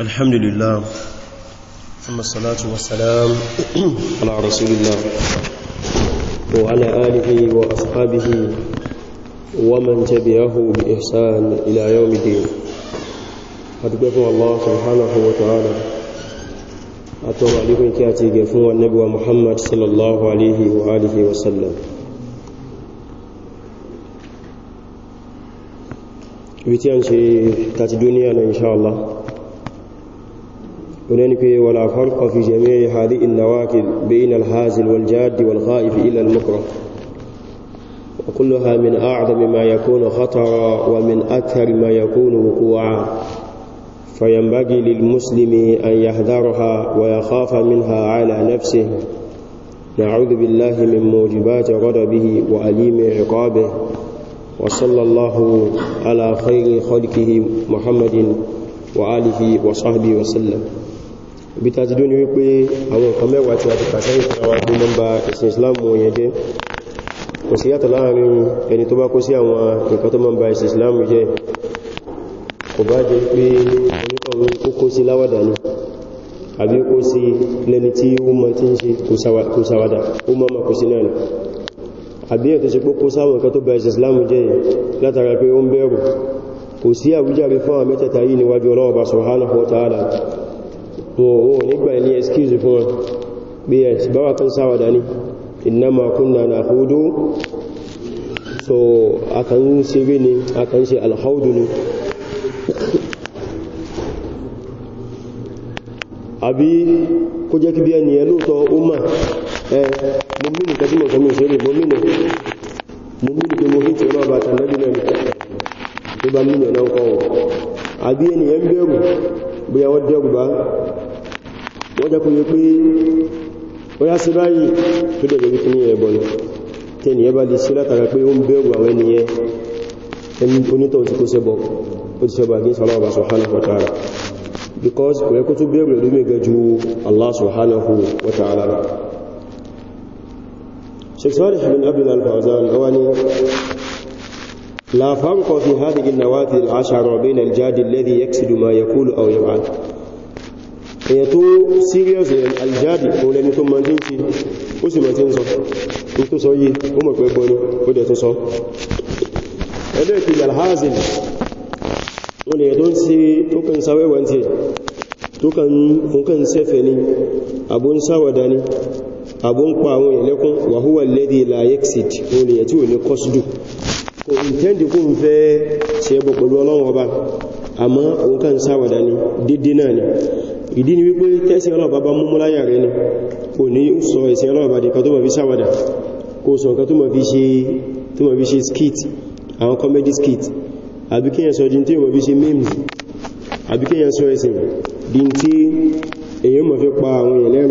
الحمد لله ثم الصلاة والسلام على رسول الله وعلى آله وأصحابه ومن تبعه بإحسان إلى يوم الدين أتقفوا الله سبحانه وتعالى أتوى عليكم كاتيك فهو النبي محمد صلى الله عليه وآله وسلم ibi tí a ń ṣe tàti dúníà na inṣáàlá wadda ni pé wala farqa fi jami'i hadi in nawakil bayin alhazil wal jadi wal kha'if ila al mukra wa kulluha min a'zami ma yakunu khatara wa min akthar ma yakunu wuqu'a فينبغي للمسلم أن يحذرها ويخاف منها على نفسه نعوذ بالله من موجبات غضبه وأليم عقابه وصلى الله على خير خلقه محمد وآله وصحبه وسلم bí ta ti dóní wípé àwọn nǹkan mẹ́wàá tí a ti kàṣẹ́ ìfẹ́wàá tó mọ́ bá ẹ̀sìn islamu wọ̀nyẹn jẹ́ kò sí yàtọ̀ láàrin ẹni tó bá kó sí àwọn nǹkan tó mọ́ bá ẹ̀sìn islamu jẹ́ kò bá jẹ́ pé onítọ̀run ó kó sí láwàdà ní àbí ó kó sí lẹ́ni tí ó mọ́ tí ń ṣe kò sáwàdà ó mọ́ mọ́ kó sí náà àbíyàn tó ṣe pópó sáwọn nǹkan tó bá ẹ̀ṣẹ̀ islam jẹ́ látara pé ó ń bẹ̀rù kò sí àwíjàre fún àwọn mẹ́tẹ̀ta yìí níwájú ọlọ́ọ̀bá subhanahu wa ta'ala wọn ò nígbà ní excuse fún so akan ni akan ṣe ni àbí kó jẹ́ kí bí ẹni ẹ lóòtọ́ ó máa mo mínú kẹtí mọ̀ sọmọ ìṣẹ́lẹ̀ mo mínú mo mínú pé mo fi tẹ̀lọ́ ọba tàbí náà tó bá mínú ẹ̀nà ọkọ̀ wọn àbí ènìyàn bẹ̀rù bóyá wọ́n dẹ́rù bá wọ́n jẹ́ kó yẹ pé ó yá sí báyìí tó dẹ̀ lórí fún ẹ̀bọ̀ ni tí ènìyàn bá lè ṣe látara subhanahu wa because kò yẹ kó tó bẹ̀rù Allah subhanahu wa ta'ala شيخ صالح بن أبن الفوزان أواني لا فرق في هذه النوافذ العشر بين الجاد الذي يكسد ما يقول أو يفعل èyàn tó serious aljáde òun ẹni tó ma tí ń fi ó sì ma tí ń sọ ní tó sọ yìí ó mọ̀ pẹ́ gbọ́ni ó dẹ̀ tó sọ ẹgbẹ́ ìpìlẹ̀ alhazin wọ́n lè tó ń ṣe tó kàn sáwẹ́wà tí tó kàn sẹ́fẹ̀ ni àbúnsáwàdá ni àbò ń pa àwọn èèyàn lẹ́kún wa huwa alladhi la yaqsid òun èèyàn tí ò ní kọ́sùdù kò ìtẹ́ndì kún fẹ́ ṣe bọ̀ pẹ̀lú ọlọ́run ọba àmọ́ òun kàn sáwàdá ni dédé náà ni ìdí ni wípé tẹ́sí ọlọ́ọ̀bá bá ni kò ní sọ ẹ̀sẹ̀ ọlọ́ọ̀bá dìkan tó mọ̀ fi sáwàdà kò sọ nǹkan tó skit àwọn comedy skit àbíkẹ́yàn sọ dín tí memes àbíkẹ́yàn sọ ẹ̀sìn dín tí èyàn mọ̀ fi pa àwọn èèyàn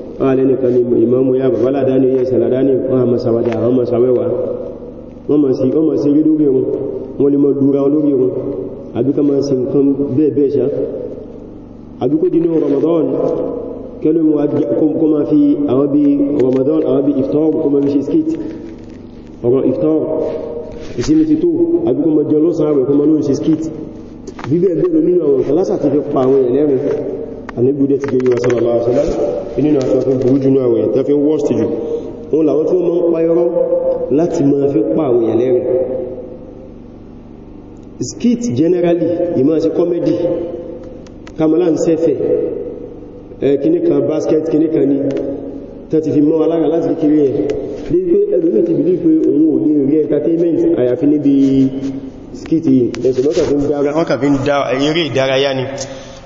wọ́n lẹ́nìkan ni ìmọ̀mú ya bàbá ládáni yẹ sàládáni wọ́n a masàwádà wọ́n masàwẹ́wà wọ́n ma sí wọ́n ma sí rí lórí wọn wọ́n lè mọ́ lúra wọn lórí wọn àbíkà ma sí nǹkan bẹ́ẹ̀bẹ́ẹ̀ ṣá àbíkò dínú Ramadan kẹlú kó ma fi àwọn bí Ramadan àwọn bí iftar kó ma fi ṣe skit ọ̀rọ̀ iftar ìsinmi ti tó àbíkò ma jẹ lọ́sàn àwẹ̀ kó ma ló ń ṣe skit bíbẹ̀ bẹ́ẹ̀ lọ nínú àwọn ìfẹ́lásà ti fi pa àwọn ẹ̀lẹ́rin àníbùdẹ̀ ti gẹ́ yíwa sallallahu nínú àti wọ́n fi burú jù náà wẹ̀yìn tán fi worst jù wọ́n làwọn tí wọ́n mọ́ ń pa irọ́ láti máa fi pa àwọn èèyàn lẹ́rìn skit generally ìmọ̀ sí comedy kamala ń sẹ́fẹ̀ kíníkan basket kíníkan ni tàti fi mọ́ alára láti kékeré ẹ̀ lè pé ẹlòmí ti bìlí pé òun ò lè rí entertainment àyàfi níbi skit ẹ̀sùn wọ́n kà fi ń dá eré ìdárayá ni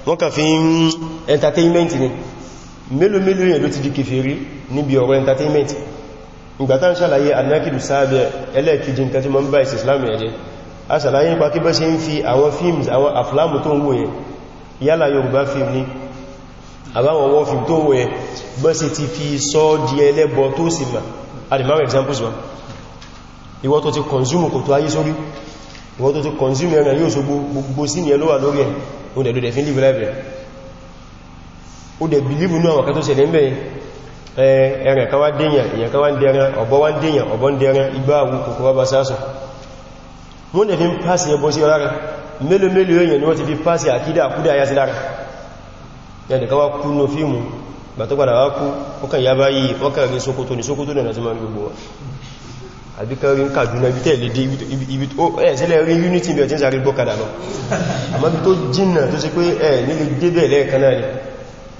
wọ́n kà fi ń entertainment ni mélòó mélòó yẹn ló ti di kèfèrí níbi ọ̀rọ̀ entertainment ìgbàtà ń ṣàlàyé anákìdù sáàbẹ̀ ẹlẹ́ẹ̀kejì nǹkan tí mọ́ ń bá ìsì islamu ẹ̀dẹ́ a ṣàlàyé nípa kí bọ́ ṣe ń fi àwọn films àwọn aflamu tó ń wò yẹn yálà yorùbá film ní àbáwọn wọ́n film tó wò yẹn bọ́ ṣe ti fi sọ di ẹlẹ́bọ tó sì mà adìmáwọ̀ examples wọn ìwọ tó ti consume kò tó ayé sórí ìwọ tó ti consume ẹran yóò so gbogbo sí ni ẹlọ́wà ó dẹ̀ bìlìbù ní àwọn kan tó ṣẹlẹ̀ ń bẹ̀ ẹ̀rẹ̀ kan wá dẹ̀yàn èyàn kan wá ń dẹ̀ran ọ̀bọ wá ń dẹ̀yàn ọ̀bọ ń dẹ̀ran igbá àwọn kòkòrò bá sásùn wọ́n dẹ̀ fi ń pàṣẹ ẹbọ sí ọlára mélòó mélòó èyàn ni wọ́n ti fi pàṣẹ àkídà àkúdà ayá sí lára ẹ̀dẹ̀ kan wá kú ní fíìmù gbàtọ́gbàdà wá kú ọkàn ya bá yìí ọkàn rí sókótó ní sókótó náà ti máa ń àbíkà rí ń kàdúnà ibi tẹ́lẹ̀ dé ibi tó ẹ̀ẹ́sẹ́lẹ̀ rí unity bí ọ̀tí ń sàrí gbọ́kadà lọ àmọ́bí tó jìnnà tó ṣe pé ẹ̀ẹ́ nílé débẹ̀ lẹ́ẹ̀kan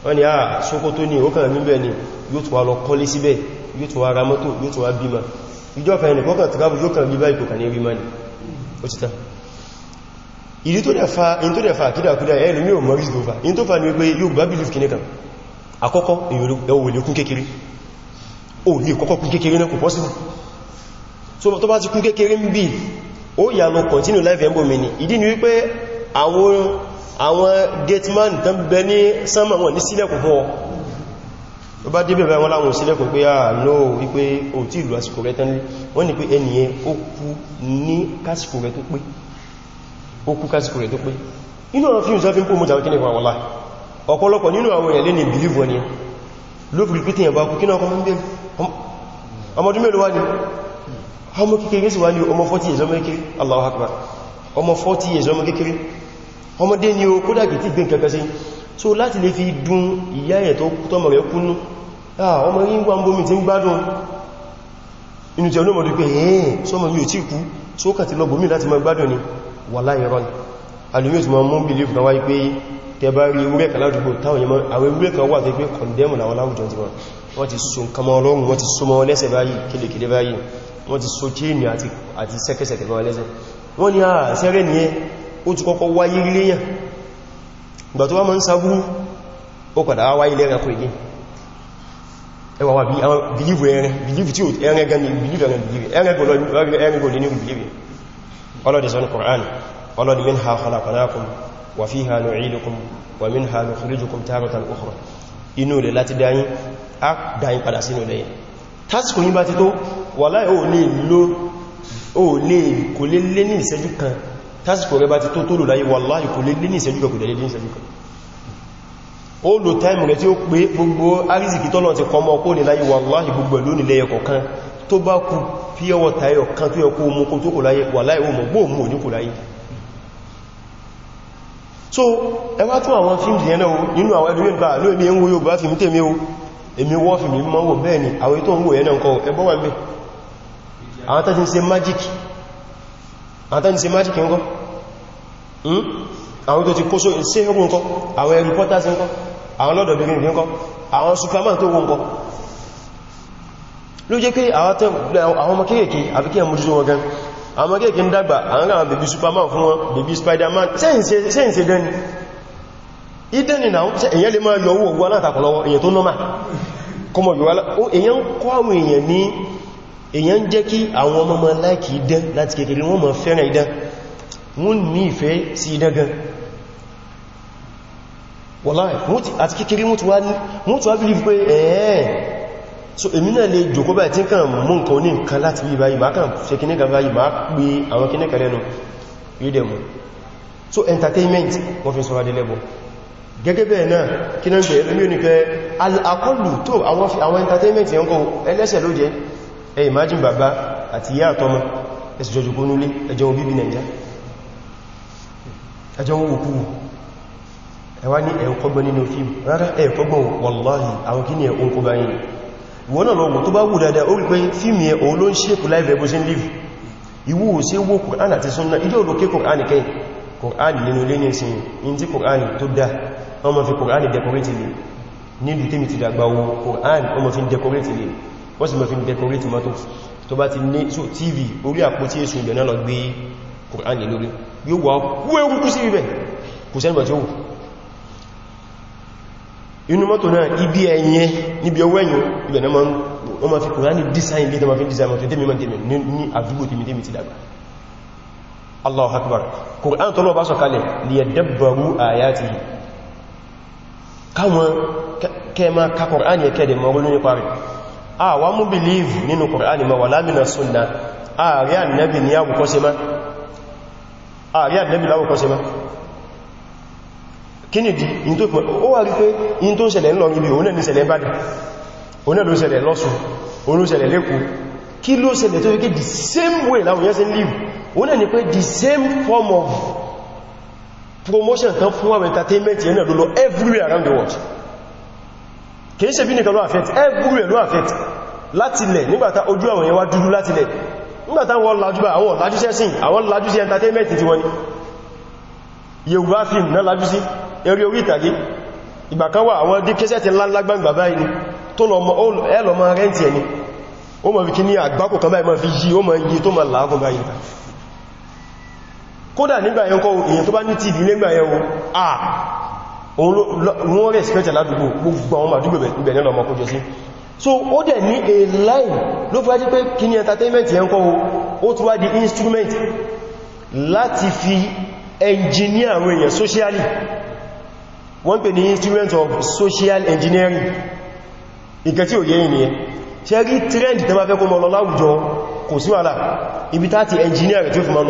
wọ́n ni àà Sókótó ní ah, ó níbẹ̀ ni yóò tó wà lọ kọ́lé síbẹ̀ yóò tó wà ra mọ́tò yóò tó wà bímọ ìjọba ẹni kọ́kàn travel yóò kàn bíbá ìkòkà ní rímọ́ ni ó ti tán ìdí tó dẹ̀fà in tó dẹ̀fà kídàkúdà ẹ̀rù mí ò mọ́ rí ìdòfà in tó fà ní pé yóò gbá bílíf kì níkan àkọ́kọ́ èyàn lè kún kékeré ó lè so tó bá ti kún kékeré ń bí ó yà lọ continue life ẹ̀mbò mi àwọn gateman tó ń bẹ ní sánmà wọn ní sílẹ̀kùn fún ọ ó bá débẹ̀ bá wọn láwọn sílẹ̀kùn pé àà ah, no wípé o tí ìlú àsìkò rẹ̀ tán lé wọ́n ní pé ẹniyẹn ó kú ní kásìkò rẹ̀ tó pé ó kú kásìkò rẹ̀ tó pé inú àwọn fíìmù sáfí ń pò mú jàwé kíní wàwọ́lá ọ̀pọ̀lọpọ̀ nínú àwọn èèyàn lè ní bìlìvù ẹni lófin pé tíyàn bá kú kí náà kọmọ ń bèèrè ọmọdé ni o kódà kìí tí gbìn kankan sí so láti lè fi dùn ìyá ẹ̀ tó tọ́mọ̀ rẹ̀ kúnnú ọmọ rí wà ń bómi tí ń gbádùn inú tí olómọdé pé ẹ̀ẹ́ sọmọ mi ò tí kú tó kà ti lọ́gbòmí láti máa gbádùn ni wà láìrọ́ na wáyé pé tẹba rí ewúrẹ́ kan ládùúgbò táwọn yẹmọ́ condemn àwọn láwùjọ ti wọn wọ́n ti so nǹkan mọ́ ọlọ́run wọ́n ti so mọ́ lẹ́sẹ̀ báyìí kélékèlé báyìí wọ́n ti so ni a sẹ́rẹ́ nìyẹn ó ti kọ́kọ́ wáyé léyàn ìgbà tó wá mọ́ ń sábúrú ó padà wáyé lẹ́ran kò ìgbé ẹwà wà bí àwọn bìlìfù ẹran bìlìfù tí ó ẹran gan ni bìlìfù ẹran bìlìfù ẹran gò nínú bìlìfù ọlọ́dẹ̀ sọ́nà Qur'an ọlọ́dẹ̀ minha khalaqnakum wa fiha nu'idukum wa minha nukhrijukum taratan ukhra inú rẹ̀ láti dáyín á dáyín padà sínú lẹ́yìn tásìkò yí bá ti tó wà láì ó lè ló ó lè kò lé lé ní ìṣẹ́jú kan tásìkò rẹ bá ti tó tó lò láyé wàláhì kò lè lé ní ìṣẹ́jú kò lè lé ní ìṣẹ́jú kan ó lò táìmù rẹ tí ó pé gbogbo arísìkí tọ́lọ̀ ti kọmọ kó ní láyé wàláhì gbogbo ló nílẹ̀ ẹ̀kọ̀ kan tó bá kú so ẹwà tún àwọn fíìmù yẹn náà nínú àwọn ẹlú ìgbà ló èmi ń wo yóò bá fíìmù tèmi o èmi wọ́n fíìmù mọ́ wò bẹ́ẹ̀ ni àwọn ètò ń wò yẹn náà ń kọ àtàni ṣe májíkì ńkọ́ hmm? àwọn tó ti kó só ṣe ẹgbùn ńkọ́ àwọn reporters ńkọ́ àwọn lọ́dọ̀bìnrin ńkọ́ àwọn superman tó wọ́n ńkọ́ ló jẹ́ pé àwọn ọmọ kéèkéé àfikí àmójútó wọn gan àwọn ọmọ kéèkéé ń dàgbà àwọn àwọn bèbí superman fún wọn bèbí spiderman sẹ́yìnṣe dẹni ìdẹni náà èyàn lè máa yọ owó ogun alátakọ̀lọ́wọ́ èyàn tó nọ́mà kọmọ̀ yọ èyàn kọ́ àwọn èyàn ní èyàn jẹ́ kí àwọn ọmọ ọmọ láìkì idán láti kékeré wọ́n mọ̀ fẹ́ràn idán wọ́n ní ìfẹ́ sí idán gan wọ́láì àti kékeré wọ́n tó wá bí pé ẹ̀ẹ́ so èmi náà lè jòkó báyìí tí kàn mú nǹkan ní nǹkan láti bí báyìí bá kàn ṣe kí nẹ́gà báyìí bá pé so entertainment wọ́n fi sọ́rọ̀ adélẹ́bọ̀ gẹ́gẹ́ bẹ́ẹ̀ náà kí náà gbẹ̀ẹ́ lómi ò ní al-akọlù tó àwọn entertainment yẹn kọ́ ẹlẹ́sẹ̀ ló jẹ́ ẹ imagine bàbá àti ìyá àtọmọ ẹsì jọjù kó núlé ẹjọ́ bíbí nàìjá ẹjọ́ òkú ẹwà ní ẹ̀kọ́gbọ́n nínú fíìmù rárá ẹ̀kọ́gbọ́n wàláhì àwọn kí ni ẹ̀kọ́ bá yìí wọ́n náà lọ́gbọ̀n tó bá wù dáadáa ó rí pé fíìmù yẹn òun ló ń ṣèkù láìbẹ̀ bó ṣe ń lè ìwú ò sí wó Kùránì àti Sunnah ilé olókè Kùránì kẹ́ Kùránì nínú ilé ní ìsìn in tí Kùránì tó dá ọmọ fi Kùránì decorative nílùú tèmi ti dàgbà wo Kùránì ọmọ fi decorative wọ́n sì mọ́ fi ń decorate tomatoes tó bá ti ní so tv orí àpótí èsù ìbẹ̀ náà lọ gbé Kùránì lórí yóò wà kú ewu sí ibẹ̀ kò sẹ́nìyàn tí ó wù inú mọ́tò náà ibi ẹ̀yẹ níbi ọwọ́ ẹ̀yìn ibẹ̀ náà wọ́n ma fi Kùránì design lé tọ́mà fi design mọ́tò tẹ́mì mọ́tò ní àdúgbò tẹ́mì tẹ́mì ti dàgbà Allahu akbar Kùránì tọ́lọ́ bá sọ̀kalẹ̀ liyadabbaru ayatihi káwọn kẹ́ẹ̀má ka Kùránì ẹ̀kẹ́dẹ̀ mọ́ a wá mú believe nínú Kùránì ma wà lámìnà súnnà a ah, rí ànẹ́bì ní àwùkọ́sí má a ah, rí ànẹ́bì láwùkọ́sí má kí ni di in tó pẹ̀ ó wà rí pé in tó ṣẹlẹ̀ ń lọ níbi òun ní ṣẹlẹ̀ bá dì òun ló ṣẹlẹ̀ lọ́sùn òun ló ṣẹlẹ̀ lẹ́kùn kí ló ṣẹlẹ̀ tó wíké the same way láwọn yẹ́ sí ń live òun ní pé the same form of promotion tán fún àwọn entertainment yẹn náà lọ everywhere around the world kìí ṣe bí nìkan ló affect everywhere ló affect látilẹ̀ nígbàtá ojú àwọn yẹn wá dúdú látilẹ̀ nígbàtá wọ́n lajúbà àwọn lajúṣẹ́ sí àwọn lajúṣẹ́ entertainment film náà lajúṣí eré orí ìtàgé ìgbà kan wà àwọn dé ni tó lọ mọ rẹ́ntì ẹni ó mọ̀ wíkí ní àgbákò kan báyìí mọ̀ fi yí ó mọ̀ yí tó mọ̀ láàgùn báyìí kódà nígbà yẹn kọ́ èyàn tó bá ní tv nígbà yẹn wo wọ́n rẹ̀ ládùgbò gbogbo àwọn àdúgbò ìbẹ̀lẹ̀ lọ mọ́kún jẹ sí so ó dẹ̀ ní a line ló fẹ́ jí pé kí ni entertainment yẹn kọ́ ó tún wá di instrument láti fi engineer àwọn èèyàn socially wọ́n pè ní instrument of social engineering ìkẹ́ tí ò yẹ ìnìyàn ṣe rí trend tẹ́ máa fẹ́ kó mọ́ lọ láwùjọ kò sí wàhálà engineer rẹ̀ tí ó fi mọ́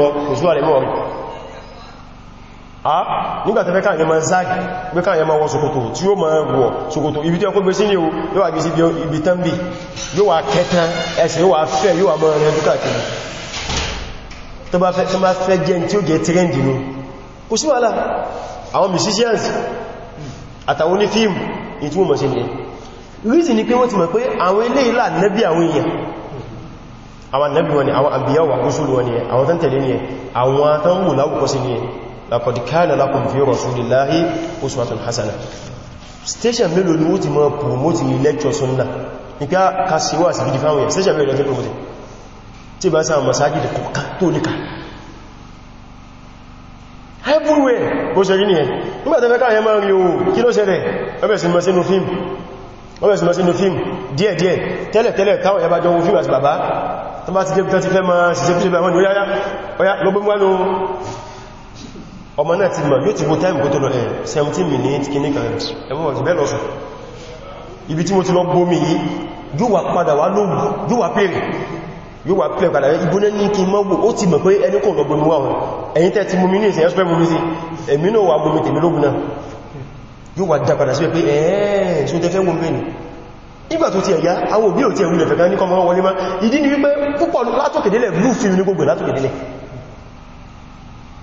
nígbàtí fẹ́ káàkiri ma zag pé káàkiri ma wọ ṣòkòtò tí ó ma wọ ṣòkòtò ibi tí ọkọ̀ gbé sí ní o yóò wà gbèsí ibi tánbì yóò wà kẹtàn ẹsẹ̀ yóò wà fẹ́ yóò wà mọ́rin ẹdú káàkiri tó bá fẹ́ jẹ́ tí ó jẹ́ trend ni kò sí wàhálà àwọn musicians àtàwọn onífíìm ìtúwọ̀mọ̀ sí ni reason ni pé wọ́n ti mọ̀ nẹ́bí wọn ni àwọn àbíyàwó àkúsùlù wọn ni àwọn tán ni àwọn tán wù láwùkọ́ sí ni لقد كان لكم في رسول الله اسوه حسنه station mélòó ni wọ́n ti máa promote ní lecture sunna nígbà kàṣíwà sí gidi fáwọn èèyàn station mélòó lọ́jọ́ promote tí bá sáwọn masájídì kọ̀ọ̀kan tó níka everywhere bó ṣe rí nìyẹn nígbàtẹ́fẹ́ káyẹ máa rí ohun kí ló ṣẹlẹ̀ ọbẹ̀ sí mọ́ sínú fíìmù ọbẹ̀ sí mọ́ sínú fíìmù díẹ̀díẹ̀ tẹ́lẹ̀tẹ́lẹ̀ táwọn ẹ̀bá jọ wo fíìmù àti bàbá tó bá ti dé tó ti fẹ́ máa ṣiṣẹ́ fíìmù àwọn ìwé yáyá ọya lọ́gbọ́gbọ́n ọmọ náà ti mọ̀ yóò ti wo time kó tó lọ ẹ̀ 17 minutes kìíní kan ẹ̀wọ́n ọ̀sẹ̀ bẹ́ẹ̀ lọ́sọ̀ ibi tí mo ti lọ gbómi yìí yóò wà padà wá lóògùn yóò wà pèrè yóò wà pẹ̀lẹ̀ padà ìgbóná ní kí mọ́ gbò ó ti mọ̀ pé ẹni kò lọ gbómi wà wọn ẹ̀yìn tẹ́ ti mumi ní ìsìn ẹ́sùpẹ́ mumi sí èmi náà wà gbómi tèmi lóògùn náà yóò wà dápadà sí pé ẹ̀ẹ́ tó tẹ́fẹ́ wọn bẹ́ẹ̀ ni nígbà tó ti ẹ̀yà àwọn òbí ò ti ẹ̀wù lẹ̀fẹ̀ kan ní kọmọ wọlé má ìdí ni wípé púpọ̀ látòkèdélẹ̀ blue film ní gbogbo látòkèdélẹ̀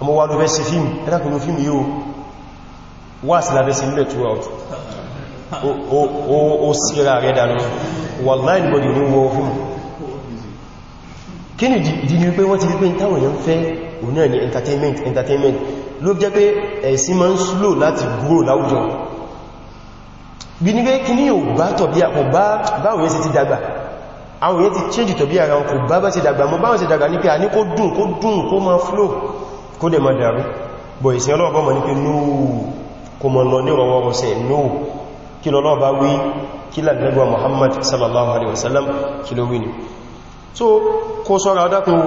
ọmọ wa ló bẹ́ sí fíìmù ẹ́dàkùnlú fíìmù yóò wà sí lábẹ́ sí ilẹ̀ throughout ó síra rẹ̀ dànù wà láìní bọ́dì ní wọ́n fíìmù kí ni dì ní pé wọ́n ti rí pé táwọn èèyàn fẹ́ òun náà ni entertainment entertainment ló jẹ́ pé ẹ̀sìn máa ń slow láti grow láwùjọ bí ní pé kí ní ò bá tọ̀bí àpò báwọn yẹn sì ti dàgbà àwọn yẹn ti change tọ̀bí ara wọn kò bá bá sì dàgbà mọ́ báwọn sì dàgbà ní pé a ní kó dùn kó dùn kó máa flow kó dẹ̀ máa dàrú bọ̀ ìsìn ọlọ́ọ̀bá mọ̀ ní pé nóò kò mọ̀ lọ ní rọwọ́rọsẹ̀ nóò kí lọ́lọ́ọ̀bá wí kí lànàgbà Muhammad sallallahu alaihi wasallam kí ló wí ni so kó sọ́ra ọdákun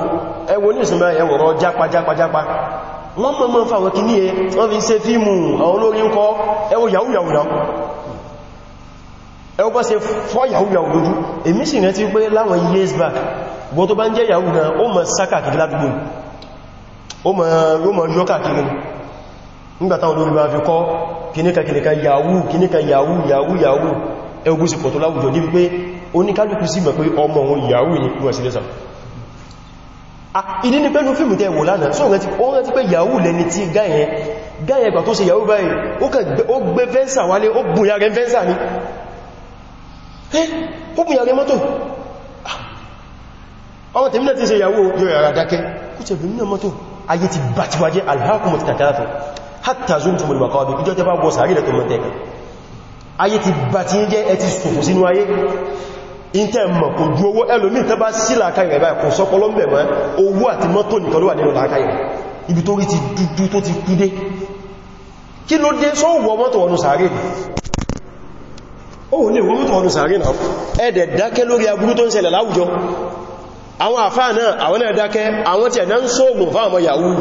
ẹwọ ní ìsinmi ẹwọ̀rọ̀ jápa jápa jápa wọ́n mọ̀ mọ́ fàwọn kí ní ẹ wọ́n fi ṣe fíìmù àwọn olórin ń kọ́ ẹwọ yahoo yahoo náà ẹwọ bá ṣe fọ́ yahoo yahoo lójú èmi sì rántí pé láwọn years back gbọ́ tó bá ń jẹ́ yahoo náà ó mọ̀ ó mọ̀ yọ́ káàkiri nígbàtà olórin bá fi kọ́ kìníkà yahoo kìníkà yahoo yahoo yahoo ẹgbùsì pọ̀ tó láwùjọ níbi pé oníkálùkù sí mọ̀ pé ọmọ òun yahoo ní ìwọ̀n ni pẹ́lú fíìmù tẹ́ wò lánàá sọ wọ́n ti pé yahoo lẹni tí gáyẹn gáyẹn gbà tó ṣe yahoo báyìí ó gbé fẹ́nsà wálé ó gùn yàrẹ fẹ́nsà ní ó gùn yàrẹ mọ́tò ọmọ tèmi náà ti ṣe yahoo yóò yàrá dákẹ́ kú mọ́tò ayé ti bá ti wájẹ́ alhakumut takathur hatta zumtumul maqabir ìjọ tẹ́ bá wọ sàárì lẹ́tọ̀ mọ́tẹ́kà ayé ti bá ti jẹ́ ẹ ti sòfò sínú ayé ìntẹ́ mọ̀ kò ju owó ẹlòmí tẹ́ bá sí làákàyè rẹ̀ báyìí kò sọ́pọ̀lọ́ mẹ́ mọ́ owó àti mọ́tò nìkan ló wà nínú làákàyè ibi tó rí ti dúdú tó ti kú dé kí ló dé sọ́wọ́ àwọn àfáà náà àwọn náà dákẹ́ àwọn tí ẹ̀dá ń sóògùn fáwọn ọmọ yahoo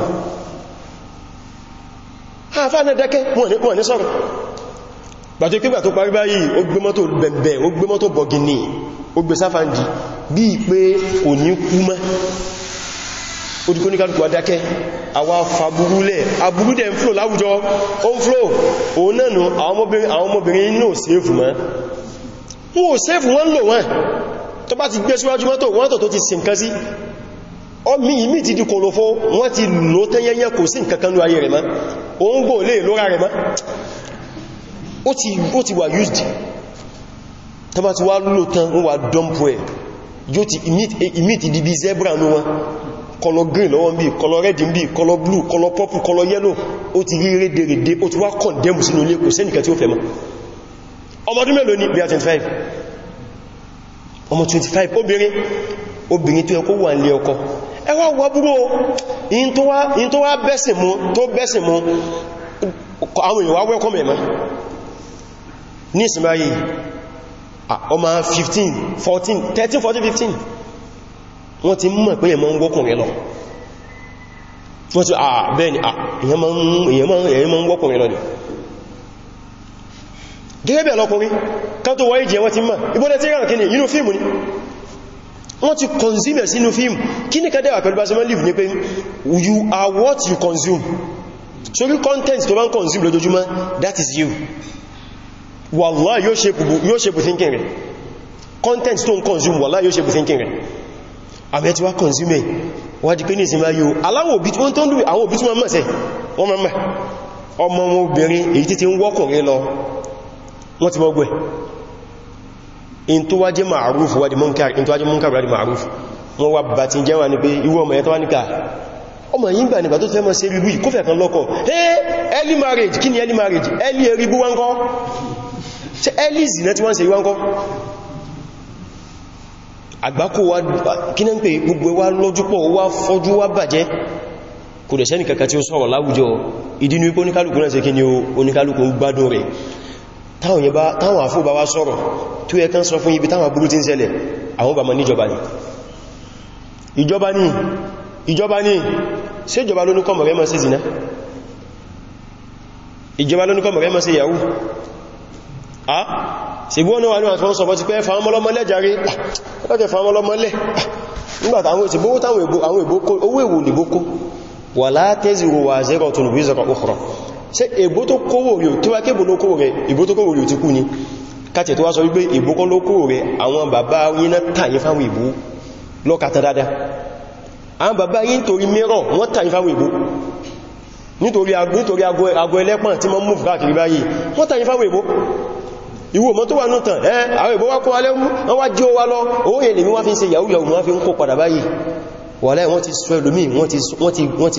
àfáà náà dákẹ́ wọ́n ní sọ̀rọ̀ gbàtí pípà tó parí báyìí ó gbé mọ́tò bẹ̀bẹ̀ ó gbé mọ́tò bọ̀gìnì ó gbé sáfàndì bí i pé kò ní kú mọ́ ó dúkó ní kálùkù adákẹ́ àwa fàbúrúlẹ̀ abúrúdẹ̀ ń flò láwùjọ ó ń flò òun náà àwọn ọmọbìnrin inú ò sèfù mọ́ wọ́n ò sèfù wọ́n lò wọ́n tó bá ti gbé síwájú mọ́tò mọ́tò tó ti sin kan sí ọmí ìmí ti di kòlòfó wọ́n ti lò tẹ́yẹnyẹ kò sí nǹkan kanú ayé rẹ̀ mọ́ o ń gbò lè lóra rẹ̀ mọ́ ó ti wà used tó bá ti wá lò tán wà dump ẹ̀ yóò ti ìmí ti di bí zebra nú wọn kọlọ green lọ́wọ́ bí kọlọ red bí kọlọ blue kọlọ purple kọlọ yellow ó ti rí rédèrèdè ó ti wá condemn sínú ilé kò sẹ́nìkan tí ó fẹ́ mọ́ ọmọdún mélòó ní bí 25 ọmọ 25 obìnrin obìnrin tó yẹ wà nílé ọkọ ẹ wá wá búrò in tó wá bẹ́sìn mú tó bẹ́sìn mú àwọn èèyàn wá wẹ́kọ́ mẹ́mọ́ ní ìsinmi ọmọ 15 14 13 14 15 wọ́n ti mọ̀ pé ẹ̀mọ́ ń wọ́kùnrin lọ wọ́n ti à bẹ́ẹ̀ ni gẹ́gẹ́ bẹ̀ẹ̀ lọ́kùnrin kan tó wáyé jẹ́ wọ́n ti mọ̀ ìbọ́lẹ̀ tí ìrànkí ni inú fíìmù ni wọ́n ti consume sínú fíìmù kí ní kẹ́dẹ̀wà pẹ̀lú basement live ní pé you are what you consume So sórí content tó bá ń consume lójoojúmọ́ that is you wallahi yóò shape thinking rẹ̀ content tó ń consume wallahi yóò shape thinking rẹ̀ àmì ẹ̀tí wá consume wá di pé ní ìsinmi ayò aláwọ̀ òbí tí wọ́n tó ń lù àwọn òbí tí wọ́n mọ̀ sẹ́ wọ́n mọ̀ ọmọ obìnrin èyí títí ń wọ́kùnrin lọ wọ́n ti mọ́gbẹ̀ in tó wá jẹ́ ma'aruf wá di munkar in tó wá jẹ́ munkar wá di ma'aruf wọ́n wá bá ti jẹ́wà ní pé iwọ́ ọmọ ẹ̀tọ́ wá níka ọmọ yìí gbà nígbà tó fẹ́ mọ́ sí eribu kó fẹ́ kan lọ́kọ hey early marriage kí early marriage early eribu wá early zina tí wọ́n ṣe wá ń kọ́ àgbákò wá kí ní pé gbogbo wá lọ́júpọ̀ wá fọ́jú wá bàjẹ́ kò dẹ̀ sẹ́nì kankan tí ó sọ̀rọ̀ láwùjọ ìdí ní oníkálùkù náà ṣe kí ni oníkálùkù gbádùn rẹ̀ táwọn àfó bá wá sọ̀rọ̀ tó yẹ kán sọ fún ibi táwọn burú ti ń ṣẹlẹ̀ àwọn bá ma níjọba ni ìjọba ni ìjọba ni ṣé ìjọba ló ní kọmọ̀ rẹ̀ mọ́ sí zina ìjọba ló ní kọmọ̀ rẹ̀ mọ́ sí yahoo a ah, ṣègbú ọ̀nà wà ní àtọ́ sọ fọ́sí pé fàwọn ọmọlọ́mọlẹ́ jàre lọ́kẹ̀ ah, fàwọn ọmọlọ́mọlẹ́ ah, nígbàtà àwọn ìṣègbó táwọn èbó owó èwò nìbókó ṣe èbó tó kówó rẹ̀ tó wá kébò ló kówó rẹ̀ èbó tó kówó rẹ̀ ti kú ni káàkiri tó wá sọ wípé èbó kọ́ ló kówó rẹ̀ àwọn bàbá yín náà tàyẹ fáwọn èbó lọ́kàtà dáadáa àwọn bàbá yín torí mìíràn wọ́n tàyẹ fáwọn èbó nítorí agọ ẹlẹ́pọ̀n tí mọ́ mú fàákiri báyìí wọ́n tàyẹ fáwọn èbó ìwò mọ́ tó wà ní tàn ẹ́ àwọn èbó wá kún alẹ́ mú wọ́n wá jí ó wá lọ owó ti sọ wọ́n ti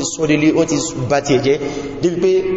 sọ wọ́n ti bá ti ẹ̀jẹ́ débi pé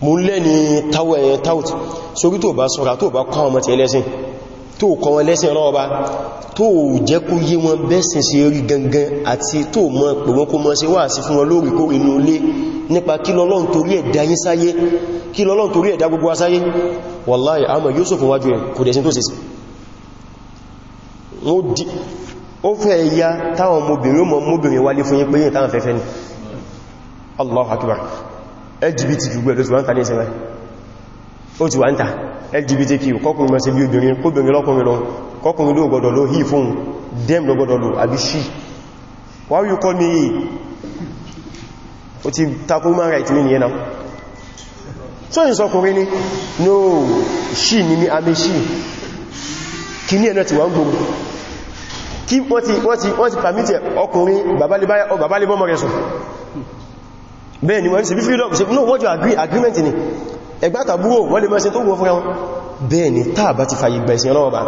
mo ń lẹ́ ni tawọ ẹ̀yẹn taut sórí tó bá sọ́ra tó bá kọ́ ọmọ tí ẹlẹ́sìn tó kọ́ wọn lẹ́sìn ọ̀rọ̀ ọba tó jẹ́ kó yé wọn bẹ́sìn sí rí gangan àti tó mọ́ pè wọn kó mọ́ sí wà sí fún wọn lórí kó inú ilé nípa kí lọ́lọ́n torí ẹ̀dá yín sáyé kí lọ́lọ́n torí ẹ̀dá gbogbo asáyé wàláhì àmà Yúsúfù wájú ẹ̀ kò dẹ̀sìn tó sèsì ó fẹ́ ya táwọn ọmọbìnrin mọ́ mọ́bìnrin wálé fún yín pé yìn táwọn lgbt jùgbẹ́ lóṣù wọ́n tàní ìsinmi ó ti wà ń ta lgbtq kọkùnrin mọ́ bí obìnrin kóbìnrin lọ́kùnrin lọ kọkùnrin ló gbọdọ̀ ló hì fún dem ló gbọdọ̀ ló àbí ṣí why you call me he ó ti takó right mi nìyẹn náà so yìí sọkùnrin ni no ṣí ni mi amé ṣí kí ní ẹ̀nà ti wà ń gbogbo kí wọ́n ti pàmítẹ̀ ọkùnrin bàbálébọ́mọ̀ rẹ̀ sùn bẹ́ẹ̀ ni wọ́n ṣe bí freedom ṣe no wọ́n jọ agreement ni ẹgbà tàbúrò wọ́n lè mẹ́sẹ̀ tó wọ́n fúnra wọn bẹ́ẹ̀ ni táà bá ti fàyè gbà ìsìn ọlọ́wọ́ bá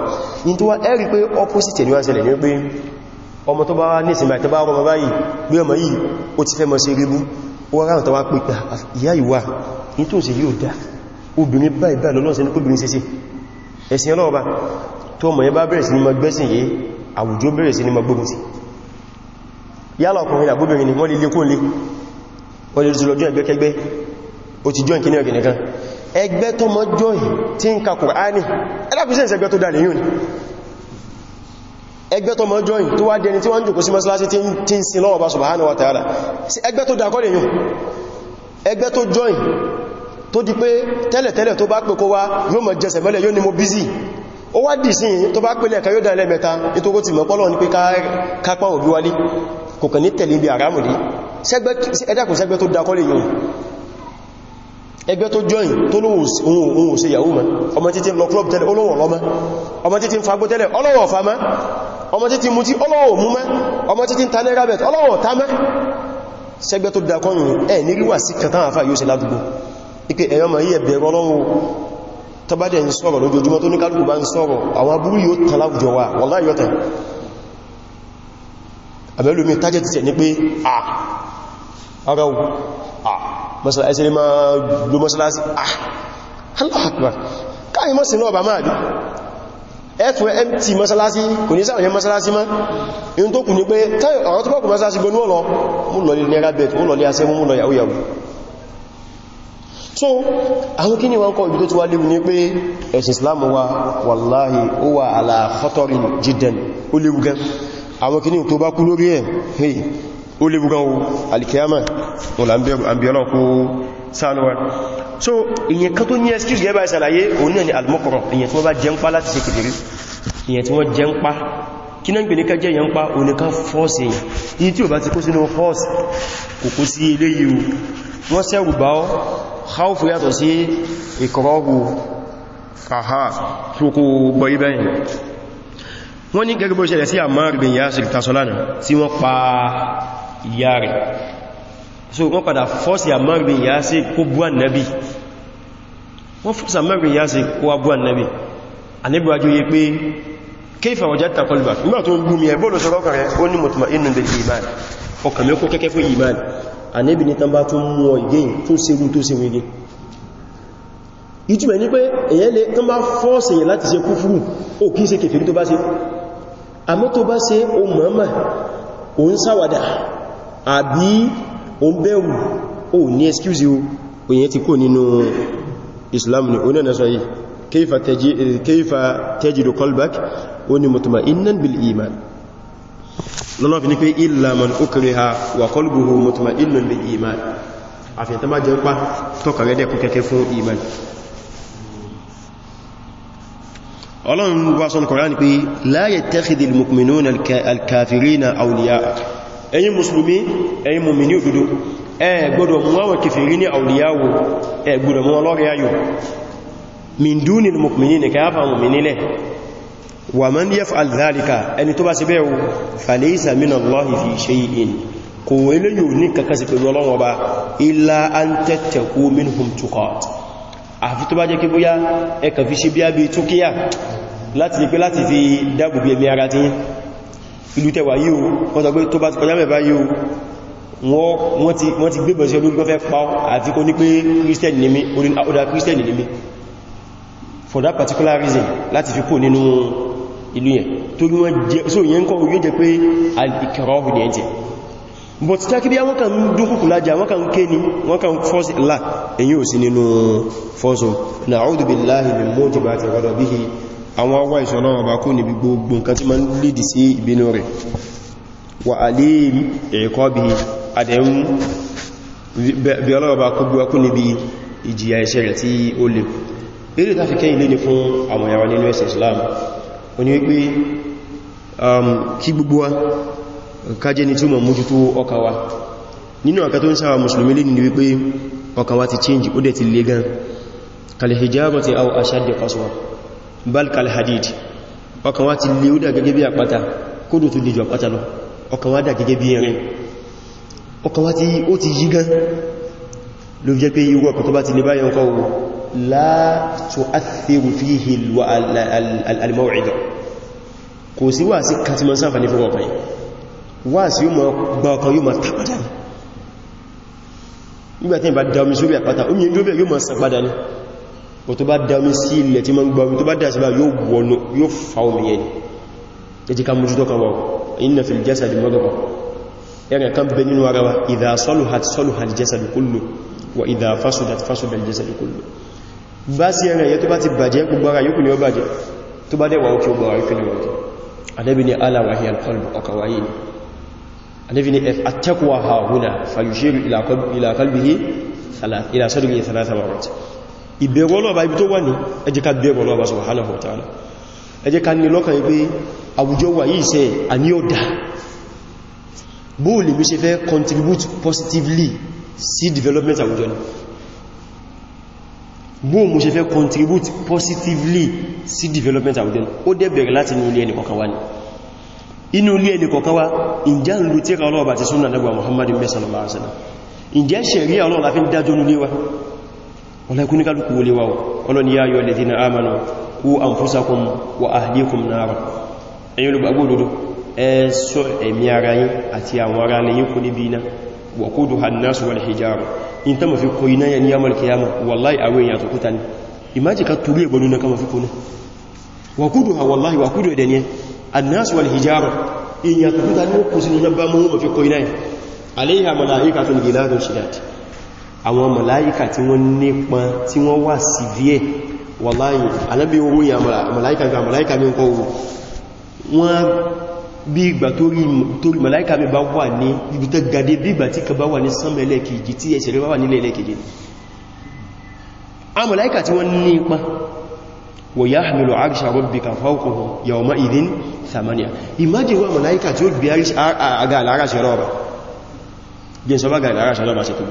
in tó wá ẹ́rí pé opposite ni wọ́n ṣẹlẹ̀ ní pé ọmọ tó bá wá ní ìsinmi àtẹ́bá ọmọ báyìí pé ọmọ yìí ó ti fẹ́ mọ́ sí ribú wọ́n ráhùn tó wá pé pé ìyá ìwà ní tó sì yóò dá obìnrin báyìí báyìí lọ́nà sí ní kóbìnrin ṣeṣe ẹ̀sìn ọlọ́wọ́ bá tó ọmọ yẹn bá bẹ̀rẹ̀ sí ní mọ gbẹ́sìn yìí àwùjọ bẹ̀rẹ̀ sí ní mọ gbógun sí yálà ọkùnrin àbóbìnrin ni wọ́n lè lékún lé wọ́n lè lọ join ẹgbẹ́kẹgbẹ́ o ti join kí ní ọ̀gẹ̀ nìkan ẹgbẹ́ tó mọ́ join tí ń ka Kùránì ẹlẹ́kùnsẹ́ ìṣẹ́gbẹ́ tó dáa lèyìn ẹgbẹ́ tó mọ́ join tó wá dẹni tí wọ́n jùkú sí mọ́sálásí tí ń sin lọ́wọ́ join tó di pé tẹ́lẹ̀tẹ́lẹ̀ tó bá pè kó wá yóò mọ̀ mo busy ó wá dì sí tó bá pèlẹ̀ kan yóò dá ẹlẹ́mẹta nítorí ti mọ̀pọ́lọ̀ ní pé kápá òbí wálé ẹ̀dàkùn sẹ́gbẹ́ tó dákọ́ lè yìí ẹgbẹ́ tó jọyìn tó lóhùn òun òsè yahoo ma ọmọ títí lọ club tẹ́lẹ̀ olówó lọ́mọ́ ọmọ títí ń fagbó tẹ́lẹ̀ olówó ọ̀fà má ọmọ títí mú tí olówó mú má ọmọ títí ń ta náírà bẹ̀t olówó ta má sẹ́gbẹ́ tó dákọ́yìn ẹ̀ níríwà sí kàtàn àfà yóò ṣe ládùgbò ipé ẹ̀yọ́ ma yí ẹ̀bẹ̀rẹ̀ ọlọ́run tọ́bádẹ̀ ń sọ̀rọ̀ lójoojúmọ́ tó ní kálùkù bá ń sọ̀rọ̀ àbẹ́lùmí target ṣe ní pé à ara ò à mọ́sálásí ní máa ló mọ́sálásí à Allahu Akbar káyí mọ́sí náà bà máa bí ẹ̀tù mt mọ́sálásí kò ní sáwọn yẹn mọ́sálásí má in tó kù ní pé ọ̀rọ̀ tó pọ̀kù mọ́sálásí gbọ́nú ọ̀lọ́ mú lọ ní náírà bẹ̀t lọ ní asẹ́ mú lọ yàwó yàwó so àwọn kí ni wọ́n kọ́ ibi tó ti wá léwu ní pé ẹ̀sìn Islam wa wallahi ó wà ala khatarin jiddan ó léwu gan àwọn kìíní tó bá kú lórí ẹ̀ hey ó lè bugan o alkiyama o la kó sanuwa so ìyẹn kan tó ní excuse gẹ́bà ìsàlàyé òun náà ni almokoro ìyẹn tí wọ́n bá jẹ́ ń pa láti ṣe kìdìrí ìyẹn tí wọ́n jẹ́ ń pa kí náà ń pè ní kẹjẹ́ èyàn pa oníkan fọ́ọ̀sì èyàn yìí tí ò bá ti kó sínú fọ́ọ̀sì kò kó sí ilé yìí wọ́n sẹ́rù bá ọ́ khawfu yàtọ̀ sí ìkọ̀rọ̀hù àhá tí ó kó gbọ́ ibẹ̀yìn wọ́n ní gẹ́gẹ́ bó ṣẹlẹ̀ sí Ammar bin Yasir tasolana tí wọ́n pa ìyá rẹ̀ so wọ́n padà fọ́sí Ammar bin Yasir kó bú annabi wọ́n fọ́sí Ammar bin Yasir kó wá bú annabi annabiwájú yé pé kayfa wajadta qalbak nígbà tó ń bú mi ẹ̀bọ́ lọ́sọ̀rọ̀ ọkàn rẹ̀ ó ní mutma'innun bil iman ọkàn mi kó kẹ́kẹ́ fún iman annabi ní tán bá tún mú ọ ìgé tó àmọ́ tó bá ṣe o mọ̀ọ́mọ̀ o ń sáwàdà àbí o ń bẹ̀rù o ní excuse o òyìn ti kó nínú Islam ni o náà sọ yìí kayfa tajidu qalbak o ni mutma'innan bil iman lọ́nà fi ní pé illa man ukriha wa qalbuhu mutma'innun bil iman ọlọ́run bá sọ Kùránì pé la yattakhidhil mu'minuna al-kafirina awliya'a ẹ̀yin musulmi ẹ̀yin mùmínì òdodo ẹ gbọ́dọ̀ mú àwọn kèfèrí ní awliya'wò ẹ gbọ́dọ̀ mú ọlọ́rẹ̀ ayò min dunil mu'minina káyàfà mùmínilẹ̀ wa man yaf'al dhalika ẹni tó bá ṣe bẹ́ẹ̀ falaysa minallahi fi shay'in kò eléyò ní kankan sí pẹ̀lú ọlọ́run ọba illa an tattaqu minhum tuqat àfi tó bá jẹ́ kí bóyá ẹkà ṣe bí á bí túkíyà láti pé láti fi dáàbòbò ẹ̀mí ara tí ìlú tẹwà yíò wọ́n sọ pé tó bá ti kọjá mẹ́bá yíò wọ́n ti gbébọn sí ọdún gbọ́fẹ́ pa àti kó ní pé Christian ni mí orin àkódà for that particular reason láti fi kó nínú ìlú yẹn tó gbí wọ́n so yẹn kọ́ orí jẹ pé al-ikrahu ní but tí kí bí wọ́n kàn dúnkùkù lájá wọ́n kàn ké ní wọ́n kàn fọ́sí ìlà èyí ò sí nínú fọ́sọ na'udhu billahi min mujibati ghadabihi àwọn ọwọ́ ìṣọ́nà ọba kú níbi gbogbo nǹkan tí ma ń lèdì sí ìbínú rẹ̀ wà alim iqabihi kájẹ́ ni tí ó mọ̀ mójútó ọkà wa nínú ọ̀ká tó ń sára musulmi lè ní wípé ọkà wa ti change ó dẹ̀ ti lè gan kalhijarati aw ashad qaswa bal kalhadid ọkà wa ti lè ó dà gẹ́gẹ́ bí àpáta kódò tó lè jù àpáta lọ ọkà wa dà gẹ́gẹ́ bí irin ọkà wa ti ó ti yí gan ló jẹ́ pé irú ọkà tó bá ti lè báyẹ̀ ọkọ̀ wo la tu'athiru fihi al-maw'ida kò sí wà sí kàtí mọ́ sáfà ní fún ọkà yìí wá sí yóò mọ̀ gba ọkàn yóò mọ̀ tàpadà ní nígbàtí ìbá da omi sórí àpáta omi ìdóbẹ̀ yóò mọ̀ sàpadà ní o tó bá da omi sí ilẹ̀ tí ma ń gba omi tó bá dá sí bá yóò wọnú yóò fa omi yẹn ẹ jẹ́ ká mú jùtọ́ kan wọ́n inna fil jasadi mọ́gọ́bọ̀ ẹ̀rẹ̀ kan bẹ nínú ara wa idha saluhat saluha al-jasadu kullu ni annabi ne at-taqwa ha huna fayushiru ila qalbi ila qalbihi ila sadrihi thalatha marrat ìbẹ̀rù Ọlọ́ba ibi tó wà ní ẹ jẹ́ ká bẹ̀rù Ọlọ́ba subhanahu wa ta'ala ẹ jẹ́ ká ní lọ́kàn pé àwùjọ wa yìí ṣe àní ọ̀dá bóòlì mi ṣe fẹ́ contribute positively sí development àwùjọ ni bóò mo ṣe fẹ́ contribute positively sí development àwùjọ ni ó dẹ̀ bẹ̀rẹ̀ láti ní ilé ẹnìkọ̀kan wá ni inú ilé ẹni kọ̀kan wá ìjẹ́ ń lu tíra ọlọ́ọ̀bà ti súnà lẹ́gbà Muhammadin sallallahu alaihi wasallam ìjẹ́ ṣẹ̀rí ọlọ́ọ̀lá fi ń dájọ́ nílé wa ọlọ́ikúnikálukú wọlé wa ọlọ́ni yá yọ lẹ́dínà amanu kú anfusakum wa ahlikum nara ẹ̀yin olùgbàgbọ́dodo ẹ ṣọ́ ẹ̀mí ara yín àti àwọn ará lẹ́yìn kú níbi iná wa quduha an-nasu wal hijara in ta mafi kò iná yẹn ní annas wal hijara iyan tafi ta ní ó kú sínú náà mú òfi kò iná aléhà mọ̀láyíkà tó nìgbè láàrín ṣìdáti àwọn mọ̀láyíkà tí wọ́n nípọn tí wọ́n wà sí vie wàláyìn alábí ohun ya mọ̀láyíkà bí mọ̀láyíkà bí nǹkan ohun wọ́n bí ìgbà torí mọ̀láyíkà bí bá wà ní ibi tó gade bí ìgbà tí ka bá wà ní sánmẹ́lẹ́kejì tí ẹ̀ṣẹ̀rẹ́ wà nílẹ̀ ẹlẹ́kejì ويحمل عرش ربك فوقهم يومئذ ثمانية imagine wa malaika tí ó gbé arish aga alarash roba je so baga alarash roba se tubu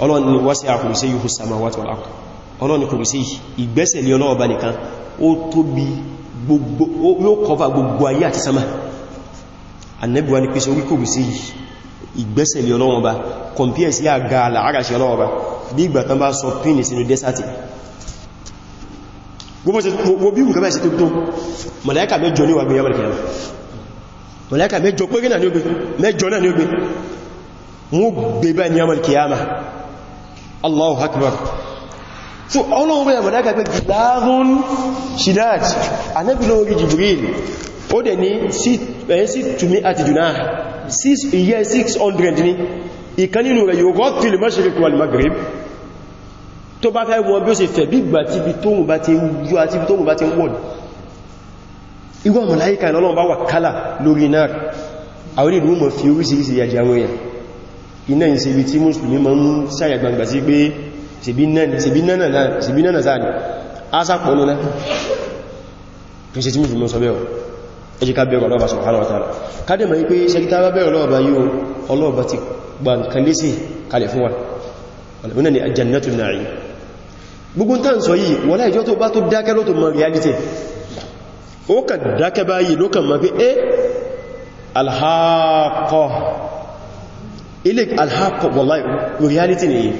Ọlọ́run ni wasi akurisi yuhu samawati wal ard Ọlọ́run ni kurisi sí aga alarash Ọlọ́run bí ìgbà tán bá sọ pin sínú desert gbogbo bí nǹkan báyìí sí tó màláíkà mẹ́jọ ní wà gbé yàmàlì kìyàmà màláíkà mẹ́jọ pé náà ní ogbe mẹ́jọ náà ní ogbe mú gbé bá ní yàmàlì kìyàmà Allahu akbar so ọlọ́run bẹ́yà màláíkà pé gìláàrún shidat anábìlò orí Jibril ó dẹ̀ ní sí túnmí àti jùnà 600 ní ìkan nínú rẹ̀ yóò gọ́ tó bá fẹ́ wọ bí ó ṣe fẹ̀ bí ìgbà tí ibi tóhùn bá ti yọ àti ibi tóhùn bá ti wọ́n ìwọ màláíkà ìlọ́lọ́wọ́ bá wà kálà lórí náà àwọn ìlú mọ̀ fi orísìírísìí yàjẹ́ àwọn èèyàn iná yìí ṣebí tí mùsùlùmí ma ń ṣàyà gbangba sí pé ṣebí náà sáà ni a sápọ̀ nínú kí ṣe tí náà ni ajannatu na'im gbogbo tán sọ yìí wọ́lá ìjọ tó bá tó dákẹ́ ló tó mọ̀ reality ó kà dákẹ́ báyìí ló kàn mọ̀ pé eh alhaakọ̀ ilé alhaakọ̀ wọ́lá reality ni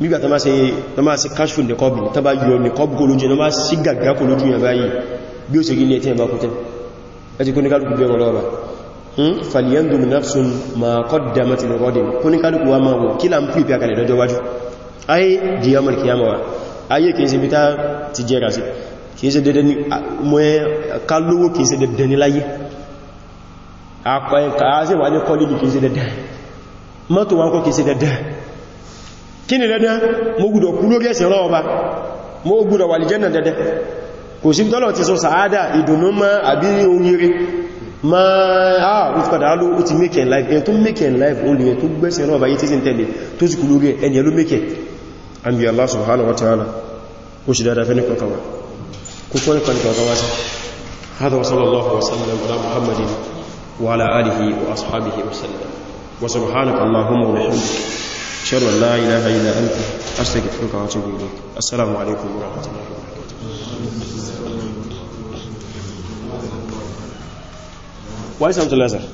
nígbà tó máa ṣe kashful ní kọ́bù tó bá yọ ní kọ́bù kólójú ní máa sí gàgá kólójú yẹn báyìí bí ó ṣe rí ní ẹ̀tẹ́ hmm? ma qaddamat li ghadin kó ní kálùkù wá máa wò kí là ń pè ayé di yawmal kiyamawa ayé kìí ṣe bí ta ti jẹ́ra sí kìí ṣe dédé ní mọ́ ẹ kálówó kìí ṣe dédé ní láyé àṣẹ wà ní kọlìdì kìí ṣe dédé mọ́tò wọn kọ́ kìí ṣe dédé kí ni dédé mo gbọ́dọ̀ kú lórí ẹ̀sìn ma ah o ti padà ló o ti life ẹni tó make life o lè yẹn tó gbẹ́sẹ̀ náà báyé tí sí tẹ́lẹ̀ tó sì kú lórí ẹni ẹ ló make in an bí Allah subhanahu wa ta'ala kó ṣe dáadáa fẹ́ni kankan wa kó fọ́ ní kankan wa sí hada wa ala muhammadin wa alihi wa ashabihi wa alaikum wa rahmatullahi Why Samsul Azhar?